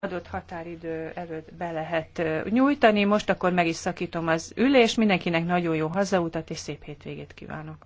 adott határidő előtt be lehet nyújtani. Most akkor meg is szakítom az ülést. Mindenkinek nagyon jó hazautat és szép hétvégét kívánok!